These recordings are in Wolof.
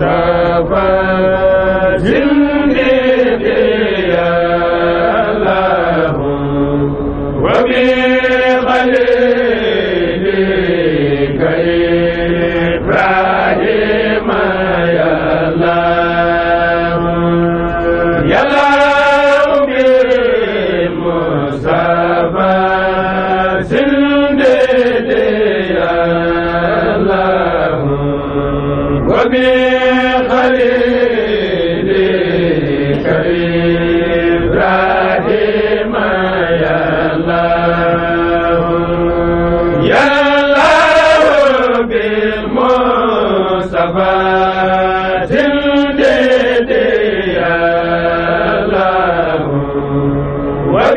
mustafa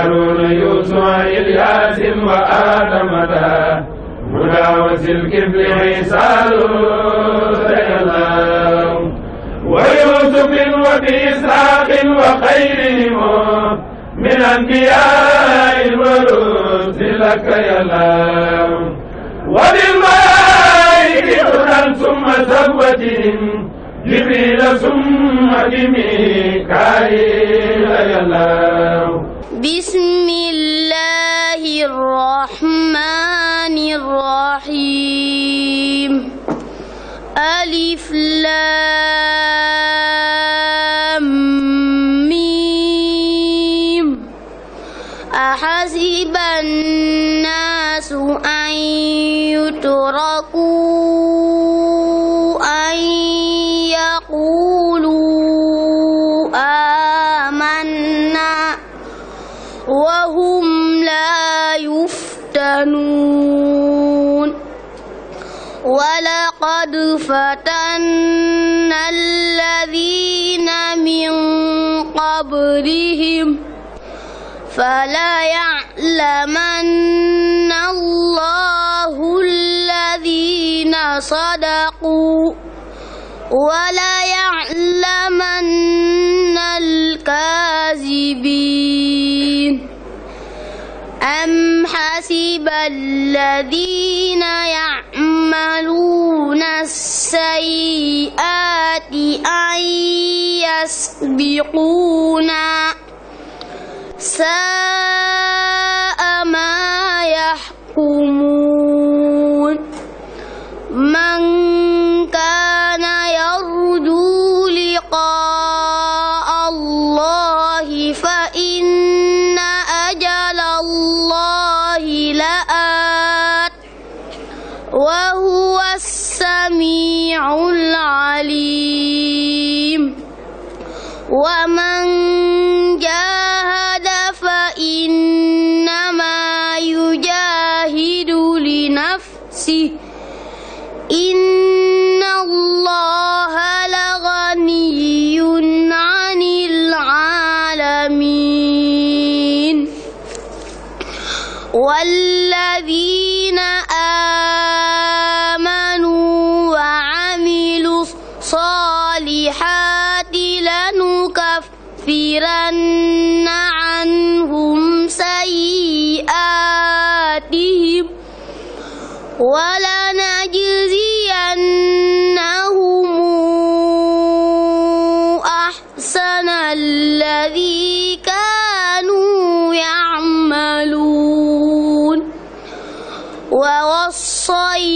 هارون يوسف إلياس وآدم دا مداوس الكفل عيسى ويوسف وبإسحاق وخيرهم من أنبياء الورود لك يا الله وبالملائكة ثم زوجهم جبريل ثم بميكائيل يا الله بسم الله الرحمن الرحيم ألف لام فتن الذين من قبلهم فلا يعلمن الله الذين صدقوا ولا يعلمن الكاذبين أم حسب الذين يعلمون يعملون السيئات أن يسبقونا ساء ما يحكمون ومن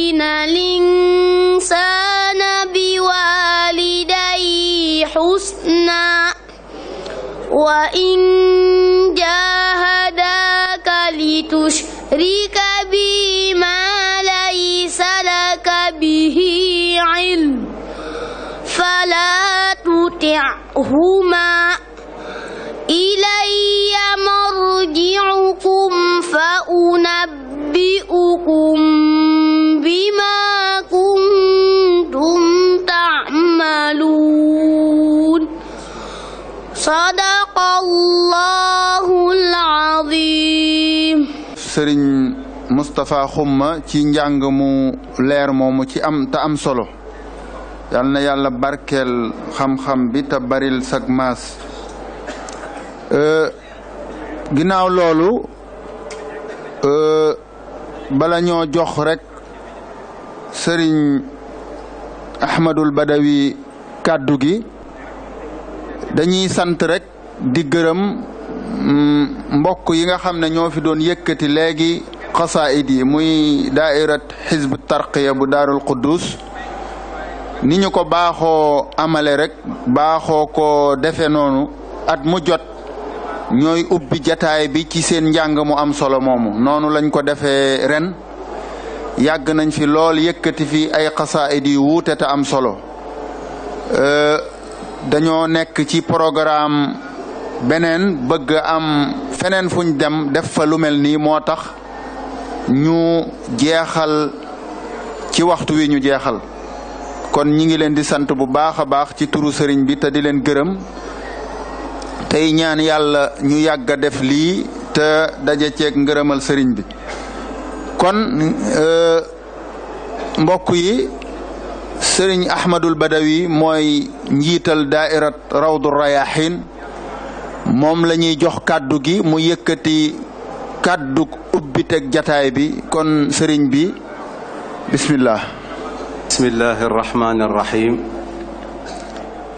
ووصينا الإنسان بوالديه حسنا وإن جاهداك لتشرك بي ما ليس لك به علم فلا تطعهما إلي مرجعكم فأنبئكم sëriñ Moustapha Xumma ci njàng mu leer moomu ci am te am solo yal na yàlla barkeel xam-xam bi te baril sag maas ginnaaw loolu bala ñoo jox rekk sëriñ Ahmadul Badawi kàddu gi dañuy sant rek di gërëm Mm, mbokk yi nga xam ne ñoo fi doon yëkkati léegi xasaayid yi muy daairat xisbu tarqiya bu daarul quddus ni ñu ko baaxoo amale rek baaxoo ko defe noonu at mu jot ñooy ubbi jataay bi ci seen njàng mu am solo moomu noonu lañ ko defee ren yàgg nañ fi lool yëkkati fi ay xasaayid yu wuute am solo euh, dañoo nekk ci programme beneen bëgg am feneen fuñ dem def fa lu mel nii moo tax ñu jeexal ci waxtu wi ñu jeexal kon ñi ngi leen di sant bu baax a baax ci turu sëriñ bi te di leen gërëm tey ñaan yàlla ñu yàgg def lii te daje ceeg ngërëmal sëriñ bi kon euh, mbokk yi sëriñ Ahmadul Badawi mooy njiital daa'irat Rawdu Rayaahiin moom la ñuy jox kàddu gi mu yëkkati kàddu ubbiteg jataay bi kon sëriñ bi bismillah bismillahi arrahmani arrahim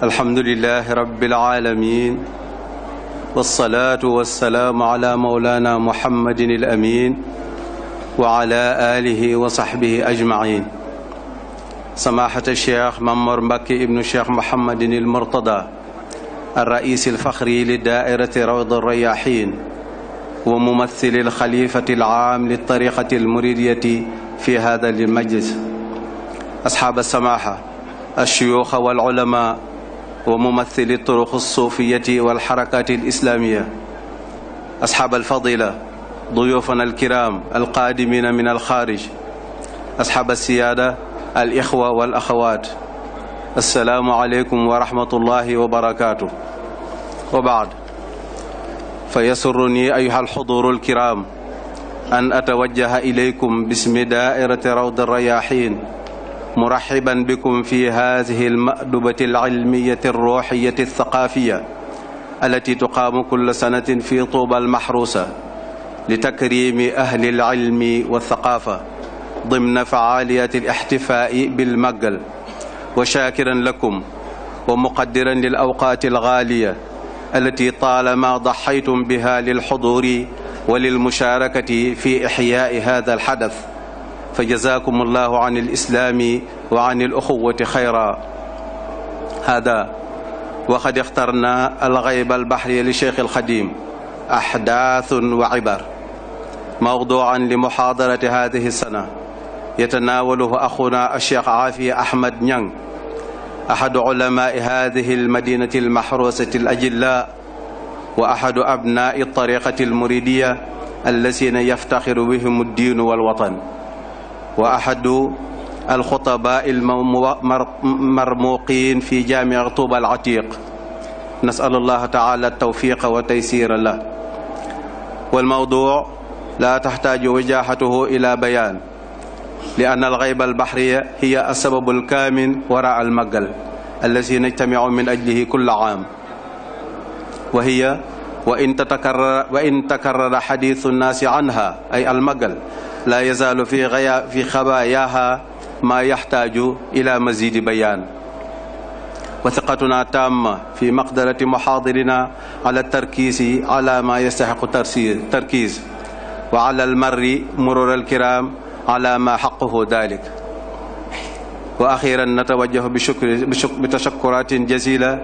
alhamdulilahi rabbil alamin wasalaatu wasalaamu ala maulana muhammadin al amin wa ala alihi wa sahbihi ajmain samahata cheikh mamor mbàkke ibnu cheikh muhammadin al murtada الرئيس الفخري لدائرة روض الرياحين وممثل الخليفة العام للطريقة المريدية في هذا المجلس أصحاب السماحة الشيوخ والعلماء وممثل الطرق الصوفية والحركات الإسلامية أصحاب الفضيلة ضيوفنا الكرام القادمين من الخارج أصحاب السيادة الإخوة والأخوات asalaamualeykum wa rahmatullahi wa barakaatu wa baad fa yasuruni ayuha alxuduru alkiram an atawajjaha ilaykum bismi daairati rawd alrayaxin muraxiban bikum fi hadihi almadubati alilmiyati alruuxiyati althaqaafiya allati tuqaamu kulla sanatin fi tuuba almaxruusa litakrimi ahli alilmi walthaqaafa ضمن فعالية الاحتفاء بالمقل وشاكرا لكم ومقدرا للأوقات الغالية التي طالما ضحيتم بها للحضور وللمشاركة في إحياء هذا الحدث فجزاكم الله عن الإسلام وعن الأخوة خيرا هذا وقد اخترنا الغيب البحري لشيخ الخديم أحداث وعبر موضوعا لمحاضرة هذه السنة يتناوله أخونا الشيخ عافية أحمد نيانغ أحد علماء هذه المدينة المحروسة الأجلاء وأحد أبناء الطريقة المريدية الذين يفتخر بهم الدين والوطن وأحد الخطباء المرموقين في جامع طوبى العتيق نسأل الله تعالى التوفيق وتيسير له والموضوع لا تحتاج وجاحته إلى بيان li an alxayba albaxriya hiya alsababu alkaamin wara almaggal allazi najtamiu min ajlihi kulla aam wa hiya wa in tatakarrara wa in takarrara xadiisu nnaasi anha ay almaggal laa yazaalu fi xaya fi xabaayaaha maa yaxtaaju ila mazidi bayaan wa thiqatuna taama fi maqdarati muxaadirina ala tarkiisi ala maa yastaxiqu tarkiis wa ala almarri murural kiraam ala ma xaquhu dalik wa axiran natawajjahu bi shukri bi tashakkuratin jazila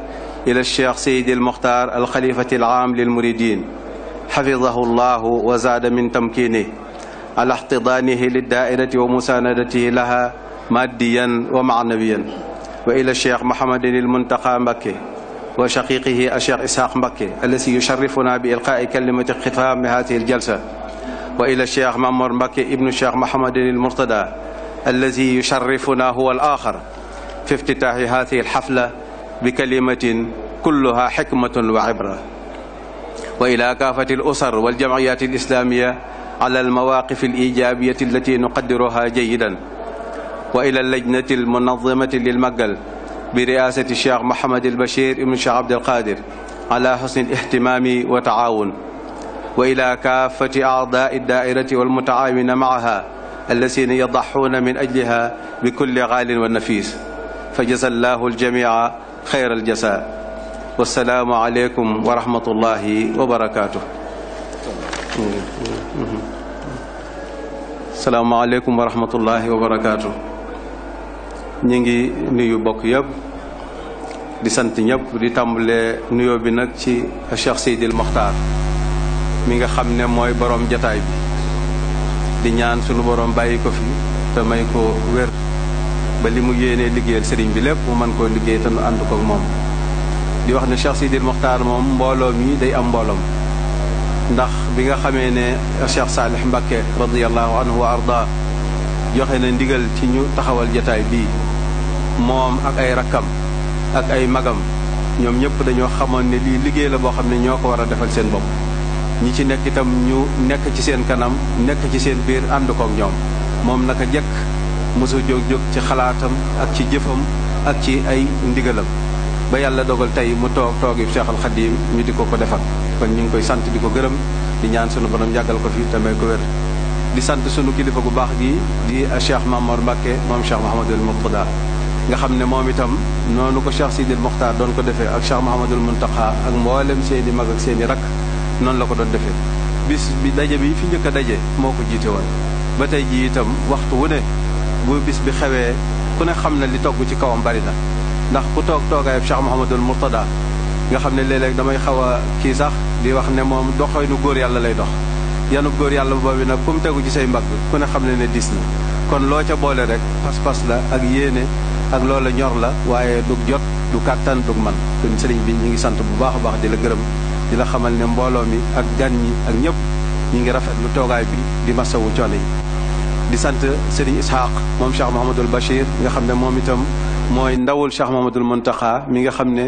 ila cheikh seydi almuxtar alxalifati alaam lilmuridin xafidahu llahu wa zaada min tamkinih ala ixtidaanihi liddaairati wa musaanadatihi laha maddiyan wa maanawiyan wa ila cheikh mahamadin almuntaqa mbakke wa shaqiqihi cheikh ishaq mbakke allasi yusharifuna bi ilqaai kalimati xitaami hadihi aljalsa wa ila cheikh Mamor Mbacke ibnu cheikh Mahamadin al Murtada allazi yusharrifuna huwa al axar fi iftitaahi haadihi al xafla bi kalimatin kulluha xikmatun wa ibra wa ila kaafati al usar wal jamciyaati al islaamiya ala al mawaqif al ijaabiyati allati nuqaddiruha jayidan wa ila lajnati al munazimati lil magal bi riyaasati cheikh Mahamad al Bachir ibnu cheikh Abdul Qadir ala xusni al ihtimaami wa taawun wa ila kaafati aadaai daairati walmutaawina maaha allazina yadaxuuna min ajliha bi kulli xaalin wa nafis fa jasa allahu aljamia xayra aljasa wasalaamu aleykum wa rahmatullahi wa barakaatu salaamaaleykum wa rahmatullahi wa barakaatu ñu ngi nuyu bokk yëpp di sant ñëpp di tàmbalee nuyoo bi nag ci Cheikh Seydil Mokhtar mi nga xam ne mooy boroom jataay bi di ñaan sunu boroom bàyyi ko fi te may ko wér ba li mu yéenee liggéeyal sëriñ bi lépp mu mën koo liggéey te nu ànd ko moom di wax ne Cheikh Sidil Mokhtar moom mbooloo mi day am mbooloom ndax bi nga xamee ne Cheikh Saalih Mbakke radiallahu anhu wa arda joxe na ndigal ci ñu taxawal jataay bii moom ak ay rakkam ak ay magam ñoom ñëpp dañoo xamoon ne lii liggéey la boo xam ne ñoo ko war a defal seen bopp ñi ci nekk itam ñu nekk ci seen kanam nekk ci seen biir ànd koog ñoom moom naka jekk mosu jóg-jóg ci xalaatam ak ci jëfam ak ci ay ndigalam ba yàlla dogal tey mu toog toogi Cheikh Al Khadim ñu di ko ko defar kon ñu ngi koy sant di ko gërëm di ñaan sunu borom yàggal ko fi te may ko wér di sant sunu kilifa gu baax gi di Cheikh Mamor Mbacke moom Cheikh Mahamadul Muqtada nga xam ne moom itam noonu ko Cheikh Sidil Muxtaar doon ko defee ak Cheikh Mahamadul Muntaqa ak mboolem seeni mag ak seeni rakk noonu la ko doon defee bis bi daje bi fi njëkk a daje moo ko jiite woon ba tey jii itam waxtu wu ne bu bis bi xewee ku ne xam ne li togg ci kawam bari na ndax ku toog toogaayab Cheikh Mouhamadul Mourtada nga xam ne léeg damay xaw a kii sax di wax ne moom doxoynu góor yàlla lay dox yanu góor yàlla boobu nag ku mu tegu ci say mbagg ku ne xam ne ne dis na kon loo ca boole rek pas-pas la ak yéene ak loola ñor la waaye du jot du kàttan du man kon bi ñu ngi sant bu baax a baax di la gërëm di xamal ne mbooloo mi ak gan ñi ak ñëpp ñi ngi rafet lu toogaay bi di masawu coono yi di sant Serigne Ishaq moom Cheikh Mahamadul Bachir nga xam ne moom itam mooy ndawul Cheikh Mahamadul Mountakha mi nga xam ne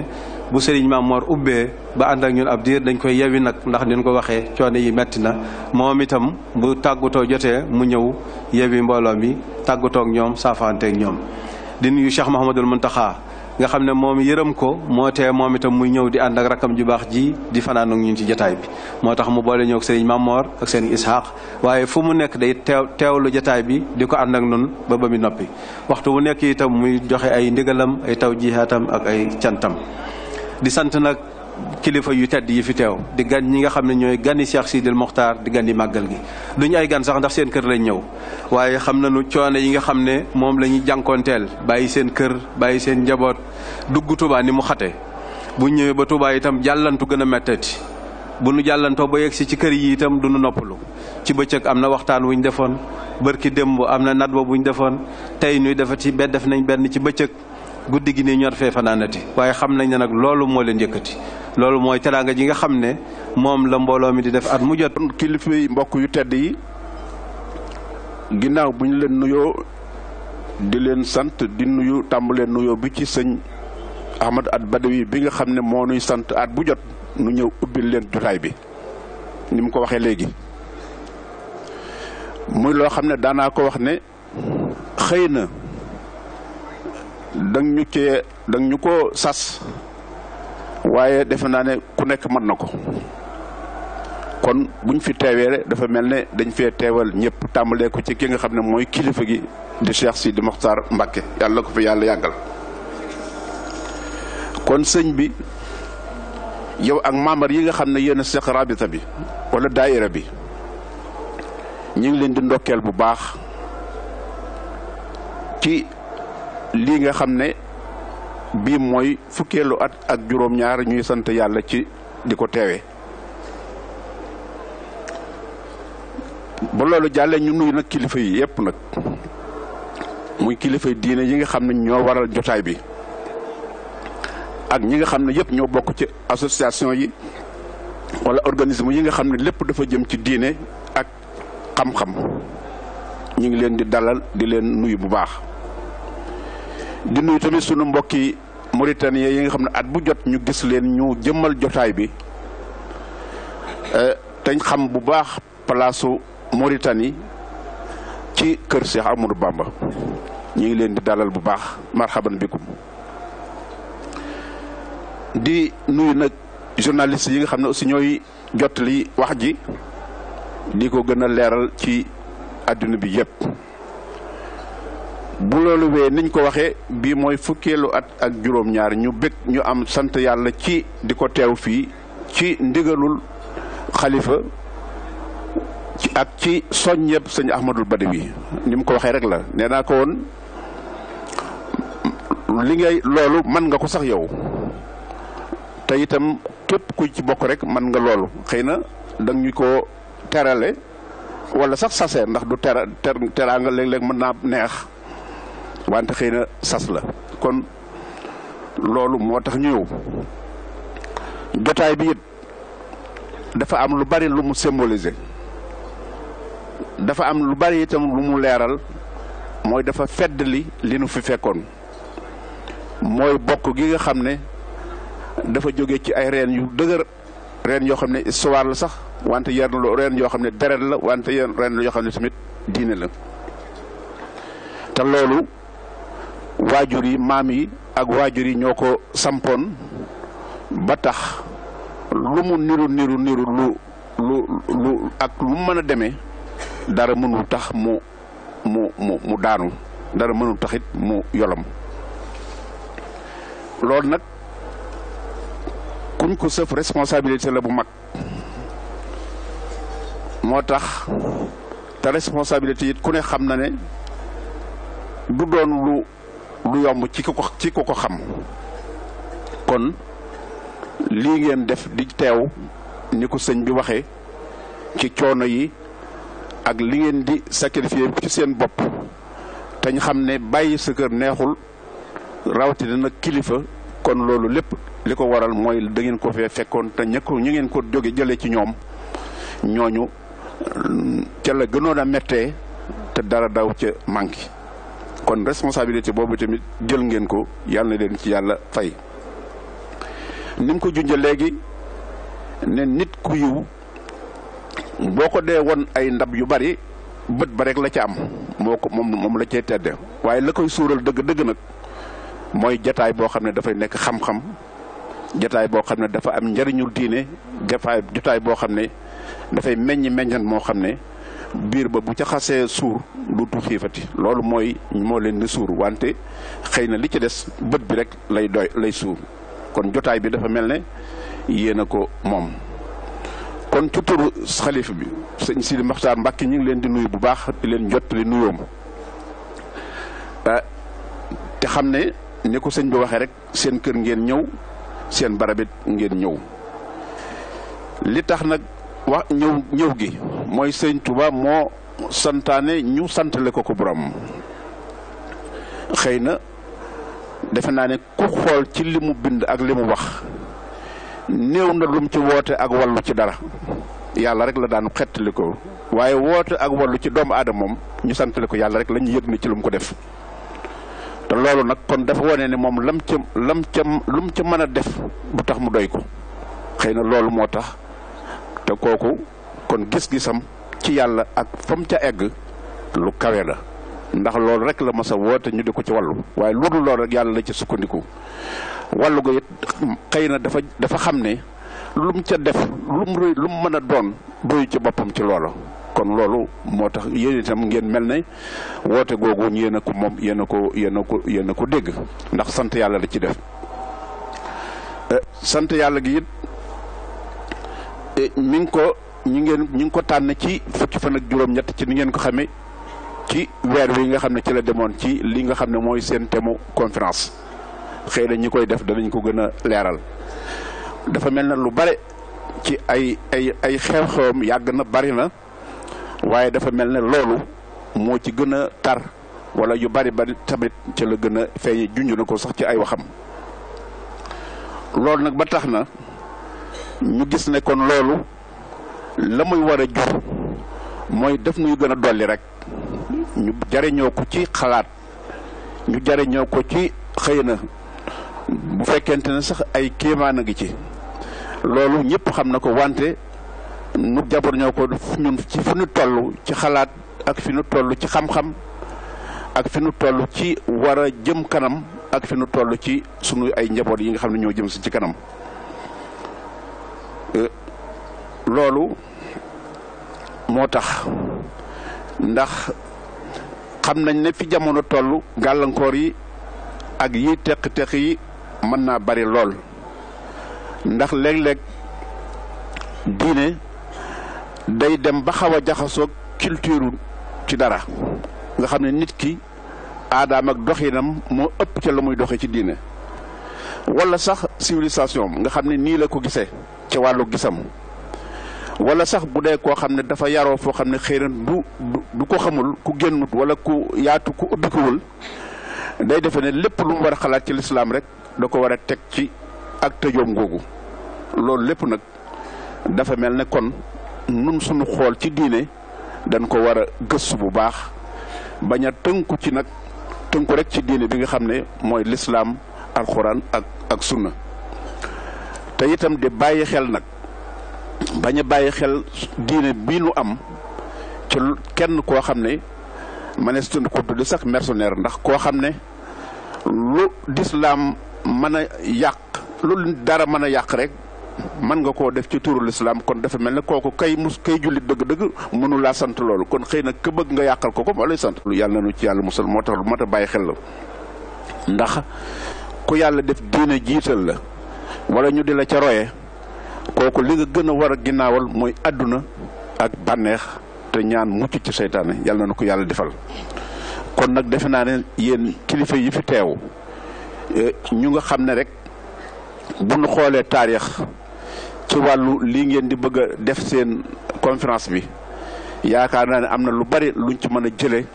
bu Serigne Maam Mor ubbee ba ànd ak ñun ab diir dañ koy yewi nag ndax ni ñu ko waxee coono yi metti na moom itam bu tàggatoo jotee mu ñëw yewi mbooloo mi tàggatoo ñoom saafaanteeg ñoom di nuyu Cheikh Mahamadul Mountakha nga xam ne moom yërëm ko moo te moom itam muy ñëw di ànd ak rakkam ju baax ji di fanaan ak ñun ci jataay bi moo tax mu boole ñëw ak sëriñ Mamor ak sëriñ Ishaq waaye fu mu nekk day teew teew teewlu jataay bi di ko ànd ak nun ba ba mu noppi waxtu bu nekk itam muy joxe ay ndigalam ay taw jihaatam ak ay cantam di sant nag kilifa yu tedd yi fi teew di gan ñi nga xam ne ñooy gani Cheikh Sidil Mokhtar di gan yi màggal gi duñu ay gan sax ndax seen kër lañ ñëw waaye xam na nañu coono yi nga xam ne moom la ñuy jànkoonteel bàyyi seen kër bàyyi seen njaboot dugg Touba ni mu xate bu ñëwee ba Touba itam jàllantu gën a méttati bu nu jàllantoo ba yegg si ci kër yi itam du nu noppalu ci bëccëg am na waxtaan wuñ defoon ki démb am na nat ba buñ defoon tey ñuy defati benn def nañ benn ci bëccëg guddi gi nii ñor fee fanaanati waaye xam nañ ne nag loolu moo leen yëkkati loolu mooy teraanga ji nga xam ne moom la mbooloo mi di def at mu jot. kilifa mbokk yu tedd yi ginnaaw bu ñu leen nuyoo di leen sant di nuyu leen nuyoo bi ci sëñ Ahmad at Badawi bi nga xam ne moo nuy sant at bu jot nu ñëw ubbil leen jotaay bi ni mu ko waxee léegi muy loo xam ne daanaa ko wax ne xëy na. dang ñu cee dang ñu ko sas waaye defe naa ne ku nekk mën na ko kon buñ fi teewee dafa mel ne dañ fee teewal ñëpp tàmbalee ko ci ki nga xam ne mooy kilifa gi di Cheikh Sidi Mokhtar Mbacke yàlla ko fi yàlla yàggal kon sëñ bi yow ak membre yi nga xam ne yéen a rabita bi wala daayira bi ñu ngi leen di ndokkeel bu baax ci lii nga xam ne bii mooy fukkeelu at ak juróom-ñaar ñuy sant yàlla ci di ko teewe ba loolu jàllee ñu nuyu nag kilifa yi yépp nag muy kilifa diine yi nga xam ne ñoo waral jotaay bi ak ñi nga xam ne yépp ñoo bokk ci association yi wala organisme yi nga xam ne lépp dafa jëm ci diine ak xam-xam ñu ngi leen di dalal di leen nuyu bu baax di nuyu tamit sunu mbokki Mauritanie yi nga xam ne at bu jot ñu gis leen ñu jëmmal jotaay bi dañ euh, xam bu baax palaasu Mauritanie ci kër Cheikh Amadou Bamba ñu ngi leen di dalal bu baax marhaban bikum di nuyu nag journaliste yi nga xam ne aussi ñooy jot li wax ji di ko gën a leeral ci àdduna bi yëpp bu loolu wee niñ ko waxee bii mooy fukkeelu at ak juróom-ñaar ñu bëgg ñu am sant yàlla ci di ko teew fii ci ndigalul xalifa ak ci soñ soññeeb sëñ Ahmadul Badawi ni mu ko waxee rek la nee naa ko woon li ngay loolu mën nga ko sax yow te itam képp ku ci bokk rek mën nga loolu xëy na danga ñu ko terale wala sax sase ndax du tera ter teraanga léeg-léeg mën naa neex. wante xëy na sas la kon loolu moo tax ñu ñëw jotaay bi it dafa am lu bari lu mu symboliser dafa am lu bari itam lu mu leeral mooy dafa fedd li li nu fi fekkoon mooy bokk gi nga xam ne dafa jóge ci ay reen yu dëgër reen yoo xam ne histoire la sax wante yar na reen yoo xam ne deret la wante yar reen yoo xam ne tamit diine la te loolu waajur yi maam yi ak waajur yi ñoo ko sampoon ba tax lu mu niru niru niru lu lu lu ak lu mën a demee dara mënul tax mu mu mu daanu dara mënul taxit mu yolom loolu nag kuñ ko sëf responsabilité la bu mag moo tax te responsabilité it ku ne xam na ne du doon lu lu yomb ci ku ko ko xam kon lii ngeen def di teew ni ko sëñ bi waxee ci coono yi ak li ngeen di sacrifier ci seen bopp tañ xam ne bàyyi sa kër neexul rawatina nag kilifa kon loolu lépp li ko waral mooy da ngeen ko fee fekkoon te ña ko ñu ngeen ko jóge jëlee ci ñoom ñooñu ca la gënoon a mettee te dara daw ca manqué kon responsabilité boobu tamit jël ngeen ko yàlla na leen yàlla fay ni ko junjee léegi ne nit ku yiw boo ko dee woon ay ndab yu bari bët ba rek la ca am moo moom la cee tedde waaye la koy suural dëgg-dëgg nag mooy jataay boo xam ne dafay nekk xam-xam jataay boo xam ne dafa am njariñul diine jataay jataay boo xam ne dafay meññ meññan moo xam ne biir ba bu ca xasee suur duutu xiifati loolu mooy moo leen di suur wante xëy na li ci des bët bi rek lay doy lay suur kon jotaay bi dafa mel ne yéen a ko moom. kon ci turu xalif bi sëñ Sidi Maxtaar Mbàkke ñu ngi leen di nuyu bu baax di leen jottali nuyoom eh, te xam ne ni ko sëñ bi waxee rek seen kër ngeen ñëw seen barabit ngeen ñëw li tax nag. waa ñëw ñëw gi mooy sëñ Touba moo santaane ñu santale ko ko borom xëy na defe naa ne ku xool ci li mu bind ak li mu wax néew na lum ci woote ak wàllu ci dara yàlla rek la daan xettali ko waaye woote ak wallu ci doomu aadama moom ñu santale ko yàlla rek lañu ñu yëg ni ci lu mu ko def te loolu nag kon dafa wane ne moom lam ca lam ca lu mu ca mën a def bu tax mu doy ko xëy na loolu moo tax te kooku kon gis-gisam ci yàlla ak fam ca egg lu kawe la ndax loolu rek la mas a woote ñu di ko ci wàllu waaye lu dul loolu yàlla la ci sukkandiku wàllu go it xëy na dafa dafa xam ne lu mu ca def lu mu lu mën a doon doyu ci boppam ci loola kon loolu moo tax yéen itam ngeen mel na woote googu yéen ko moom yéen ko yéen ko yéen ko dégg ndax sant yàlla la ci def eh, sant yàlla gi it E, mi ngi ko ñi ngeen ñi ngi ko tànn ci fukki fan ak juróom-ñett ci ni ngeen ko xamee ci weer wi nga xam ne ci la demoon ci li nga xam ne mooy seen temu conférence xëy na ñi koy def danañ ko gën a leeral dafa mel na lu bare ci ay ay ay xew-xewam yàgg na bari na waaye dafa mel ne loolu moo ci gën a tar wala yu bari bari tamit ca la gën a feeñe junj na ko sax ci ay waxam loolu nag ba tax na ñu gis ne kon loolu la muy war a jur mooy def nuy gën a dolli rek ñu jariñoo ko ci xalaat ñu jariñoo ko ci xëy na bu fekkente ne sax ay kéemaan a ngi ci loolu ñëpp xam na ko wante nu jabar ñoo ko ñun ci fi nu toll ci xalaat ak fi nu toll ci xam-xam ak fi nu toll ci war a jëm kanam ak fi nu toll ci sunu ay njaboot yi nga xam ne ñoo jëm si ci kanam loolu moo tax ndax xam nañ ne fi jamono tollu gàllankoor yi ak yi teq-teq yi mën naa bari lool ndax léeg-léeg diine day dem ba xaw a jaxasoo culture ci dara nga xam ne nit ki aadaam ak doxinam moo ëpp ca la muy doxee ci diine walla sax civilisation nga xam ne nii la ko gisee. ci wàllu gisam wala sax bu dee koo xam ne dafa yaroo foo xam ne xëy na du du ko xamul ku génnut wala ku yaatu ku ubbikuwul day defe ne lépp lu mu war a xalaat ci lislaam rek da ko war a teg ci ak tëjoom googu loolu lépp nag dafa mel ne kon nun suñu xool ci diine dañ ko war a gëstu bu baax bañ a tënku ci nag tënku rek ci diine bi nga xam ne mooy lislaam alxuraan ak ak sunna te itam di bàyyi xel nag bañ a bàyyi xel diine bii nu am ci kenn koo xam ne mënees na ko tudd sax mercenaire ndax koo xam ne lu lislaam mën a yàq lu dara mën a yàq rek man nga koo def ci turu lislaam kon dafa mel ne kooku kay mus kay jullit dëgg-dëgg mënu laa sant loolu kon xëy na ka bëgg nga yàqal ko ko moo lay sant. lu yàlla na nu ci yàlla musal moo tax lu mat a bàyyi xel la ndax ku yàlla def diine jiital la. wala ñu di la ca roye kooku li nga gën war a ginnaawal mooy àdduna ak bànneex te ñaan mucc ci seytaane yàlla na ko yàlla defal kon nag defe naa ne yéen kilifa yi fi teew e, ñu nga xam ne rek bu nu xoolee taarix ci wàllu lii ngeen di bëgg a def seen conférence bi yaakaar naa ne am na lu bari luñ ci mën a jële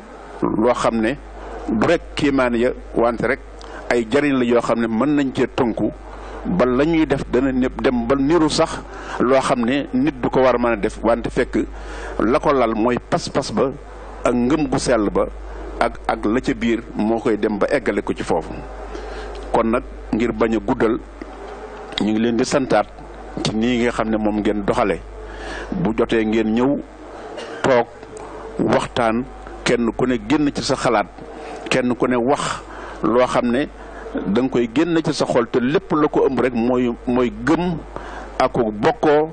loo xam ne du rek kiimaan ya wante rek ay jariñ la yoo xam ne mën nañ cee tënku ba la ñuy def dana ñëpp dem ba niru sax loo xam ne nit du ko war a mën a def wante fekk la ko lal mooy pas-pas ba ak ngëm gu sell ba ak ak la ca biir moo koy dem ba eggale ko ci foofu kon nag ngir bañ a guddal ñu ngi leen di santaat ci nii nga xam ne moom ngeen doxale bu jotee ngeen ñëw toog waxtaan kenn ku ne génn ci sa xalaat kenn ku ne wax loo xam ne da koy génn ci sa xol te lépp la ko ëmb rek mooy mooy gëm ak bokkoo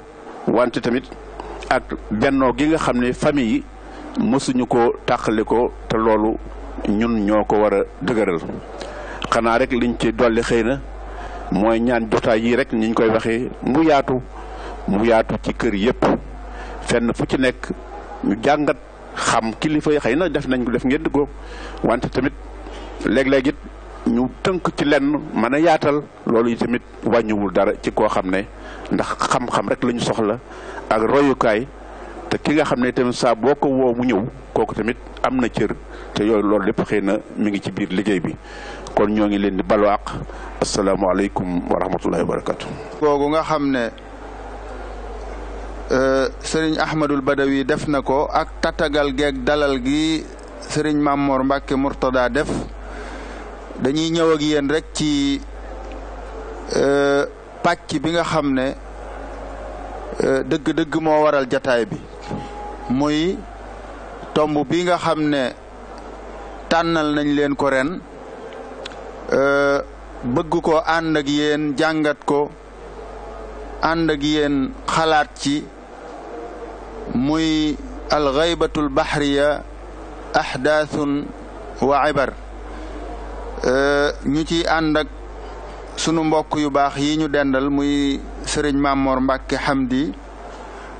wante tamit ak bennoo gi nga xam ne famille yi mësuñu ko tàqali ko te loolu ñun ñoo ko war a dëgëral xanaa rek liñ ci dolli xëy na mooy ñaan jotaay yii rek niñ koy waxee mu yaatu mu yaatu ci kër yépp fenn fu ci nekk ñu jàngat xam kilifa yi xëy na def nañ ko def ngeen ko wante tamit léeg-léeg it ñu tënk ci lenn mën a yaatal loolu yi tamit wàññiwul dara ci koo xam ne ndax xam-xam rek lañu soxla ak royukaay te ki nga xam ne tamit saa boo ko woo mu ñëw kooku tamit am na cër te yooyu loolu lépp xëy na mi ngi ci biir liggéey bi kon ñoo ngi leen di balu àq asalaamaaleykum wa rahmatullahi wa barakatu. googu nga xam ne euh, sëriñ Ahmadul Badawi def na ko ak tatagal geeg dalal gi sëriñ Mamor Mbacke Murtada def. dañuy ñëw ak yéen rekk ci euh, pàcc bi nga xam ne euh, dëgg-dëgg moo waral jataay bi muy tomb bi nga xam ne tànnal nañ leen ko ren euh, bëgg ko ànd ak jàngat ko ànd ak yéen xalaat ci muy alxaybatul baxriya ahdaathun wa ibar Euh, ñu ci ànd sunu mbokk yu baax yi ñu dendal muy sëriñ Mamor Mbacke Hamdi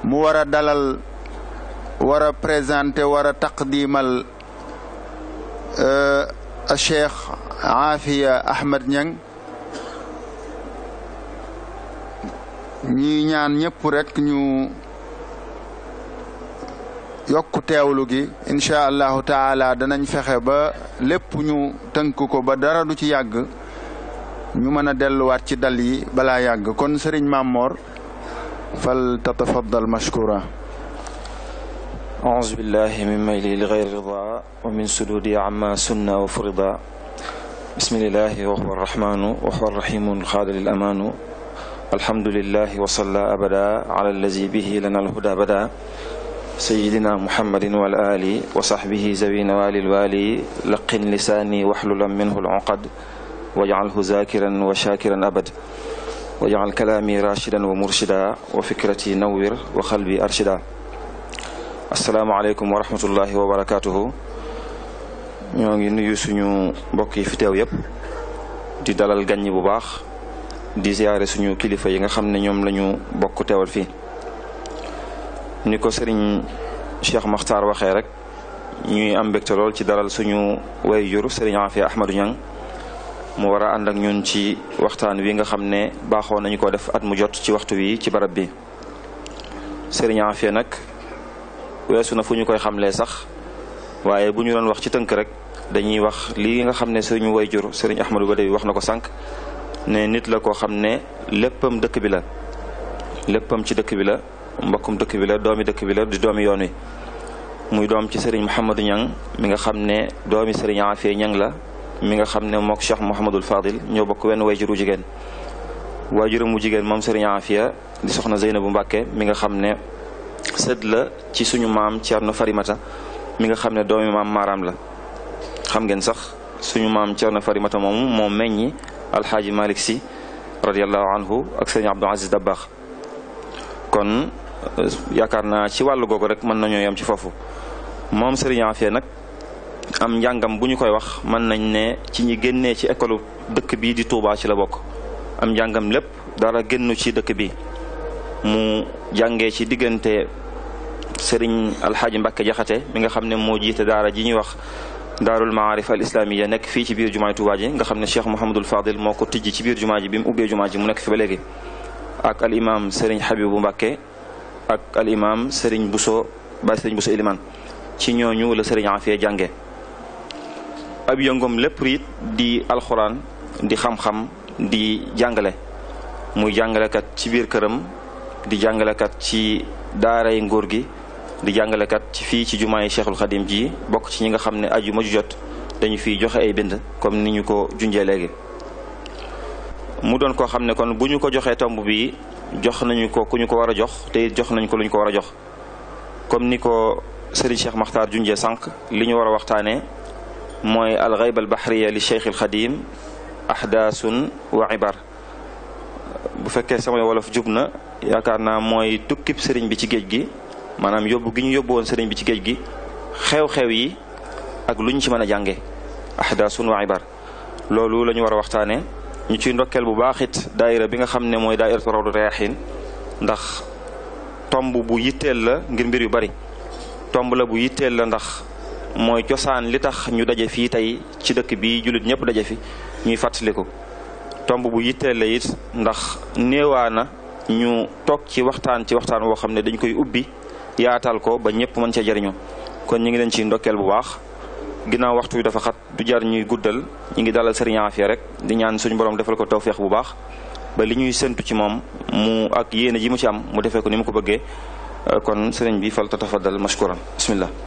mu war a dalal war a présenter war a taqdimal euh, Cheikh Afia Ahmed Niang ñi ñaan ñëpp rek ñu. yokk teewlu gi incha taala danañ fexe ba lépp ñu tënk ko ba dara du ci yàgg ñu mën a delluwaat ci dal yi balaa yàgg kon sëriñ Mamor fal tatafaddal mashkura aouzu billahi min mayli li gayri rida wa min sududi amma sunna wa furida bismillahi wa huwa arrahmanu wa huwa arrahimu xaada lil amaanu alhamdulillahi wa salla abada ala allazi bihi lana alhuda bada sayidina muhammadin wal ali wa sahbihi zawina walil wali laqin lisaani waxlulan minhu luqad wajcalhu zakiran wa shakiran abad wajcal kalaami rashidan wa murshida wa fikrati arshida asalaamu aleykum wa rahmatullahi ñoo ngi nuyu suñu mbokk yi fi teew yépp di dalal gan ñi bu baax di ziyaare suñu kilifa yi nga xam ne ñoom lañu bokk fii ni ko sëriñ Cheikh Makhtar waxee rek ñuy am mbégte lool ci daral suñu wayjur sëriñ Afia Ahmadou Niang mu war a ànd ak ñun ci waxtaan wi nga xam ne baaxoo nañu ko def at mu jot ci waxtu wi ci barab bi sëriñ nag weesu na fu ñu koy xamlee sax waaye bu ñu doon wax ci tënk rek dañuy wax lii nga xam ne suñu wayjur sëriñ Ahmadou Badawi wax na ko sànq ne nit la koo xam ne léppam dëkk bi la léppam ci dëkk bi la mbokkum dëkk bi la doomi dëkk bi la di doomi yoon muy doom ci sëriñ Mouhamadou Niang mi nga xam ne doomi sëriñ Afia Niang la mi nga xam ne mook Cheikh Mouhamadul Fadil ñoo bokk wenn wayjuru jigéen waajuru mu jigéen moom sëriñ Afia di soxna Zeynabu Mbàkke mi nga xam ne la ci suñu maam Ceerno Farimata mi nga xam ne doomi maam maaraam la xam ngeen sax suñu maam na Farimata moom moo meññi alxaaji Malik Si radiyallahu anhu ak sëriñ Abdou Aziz Dabakh yaakaar naa ci wàllu googu rek mën nañoo yem ci foofu moom Serigne Afia nag am njàngam bu ñu koy wax mën nañ ne ci ñi génnee ci école dëkk bii di Touba ci la bokk am njàngam lépp dara génnu ci dëkk bi mu jàngee ci diggante Serigne Alxaaji Mbacke Jaxate mi nga xam ne moo jiite daara ji ñuy wax daarul maarif al islamiya nekk fii ci biir jumaay Touba ji nga xam ne Cheikh Mouhamadul Fadil moo ko tijji ci biir jumaa ji bi mu jumaa ji mu nekk fi ba léegi ak al imam Serigne ak al imam Serigne Bousso Baye Serigne Bousso ci ñooñu la Serigne Afia jànge ab yëngoom lépp it di alxuraan di xam-xam di jàngale muy jàngalekat ci biir këram di jàngalekat ci daaray nguur gi di jàngalekat ci fii ci jumaayi Cheikhul Khadim ji bokk ci ñi nga xam ne aju ma jot dañu fi joxe ay bind comme ni ñu ko junjee léegi mu doon koo xam ne kon bu ñu ko joxee tomb bii jox nañu ko ku ñu ko war a jox te jox nañ ko lu ko war a jox comme ni ko Serigne Cheikh Makhtar junjee sànq li ñu war a waxtaanee mooy al ghayba al bahriya li Cheikh al Xadim ahdaasun wa ibar bu fekkee samay wolof jub na yaakaar naa mooy tukkib sëriñ bi ci géej gi maanaam yóbbu gi ñu yóbbu woon sëriñ bi ci géej gi xew-xew yi ak lu ñu ci mën a jànge ahdaasun wa ibar loolu la ñu war a waxtaanee ñu ciy ndokkeel bu baax it daayira bi nga xam ne mooy daayira Rawdu Rayaahiin ndax tomb bu yitteel la ngir mbir yu bari tomb la bu yitteel la ndax mooy cosaan li tax ñu daje fii tey ci dëkk bi jullit ñëpp daje fi ñuy fàttaliku tomb bu yitteel la it ndax néewaana ñu toog ci waxtaan ci waxtaan woo xam ne dañ koy ubbi yaatal ko ba ñëpp mën cee jariñu kon ñu ngi leen ciy ndokkeel bu baax ginnaaw waxtu wi dafa xat du jar ñuy guddal ñu ngi dalal Serigne Afia rek di ñaan suñu borom defal ko feex bu baax ba li ñuy séntu ci moom mu ak yéene yi mu ci am mu defee ko ni mu ko bëggee kon sëriñ bi fal tatafadal mashkuran bismillah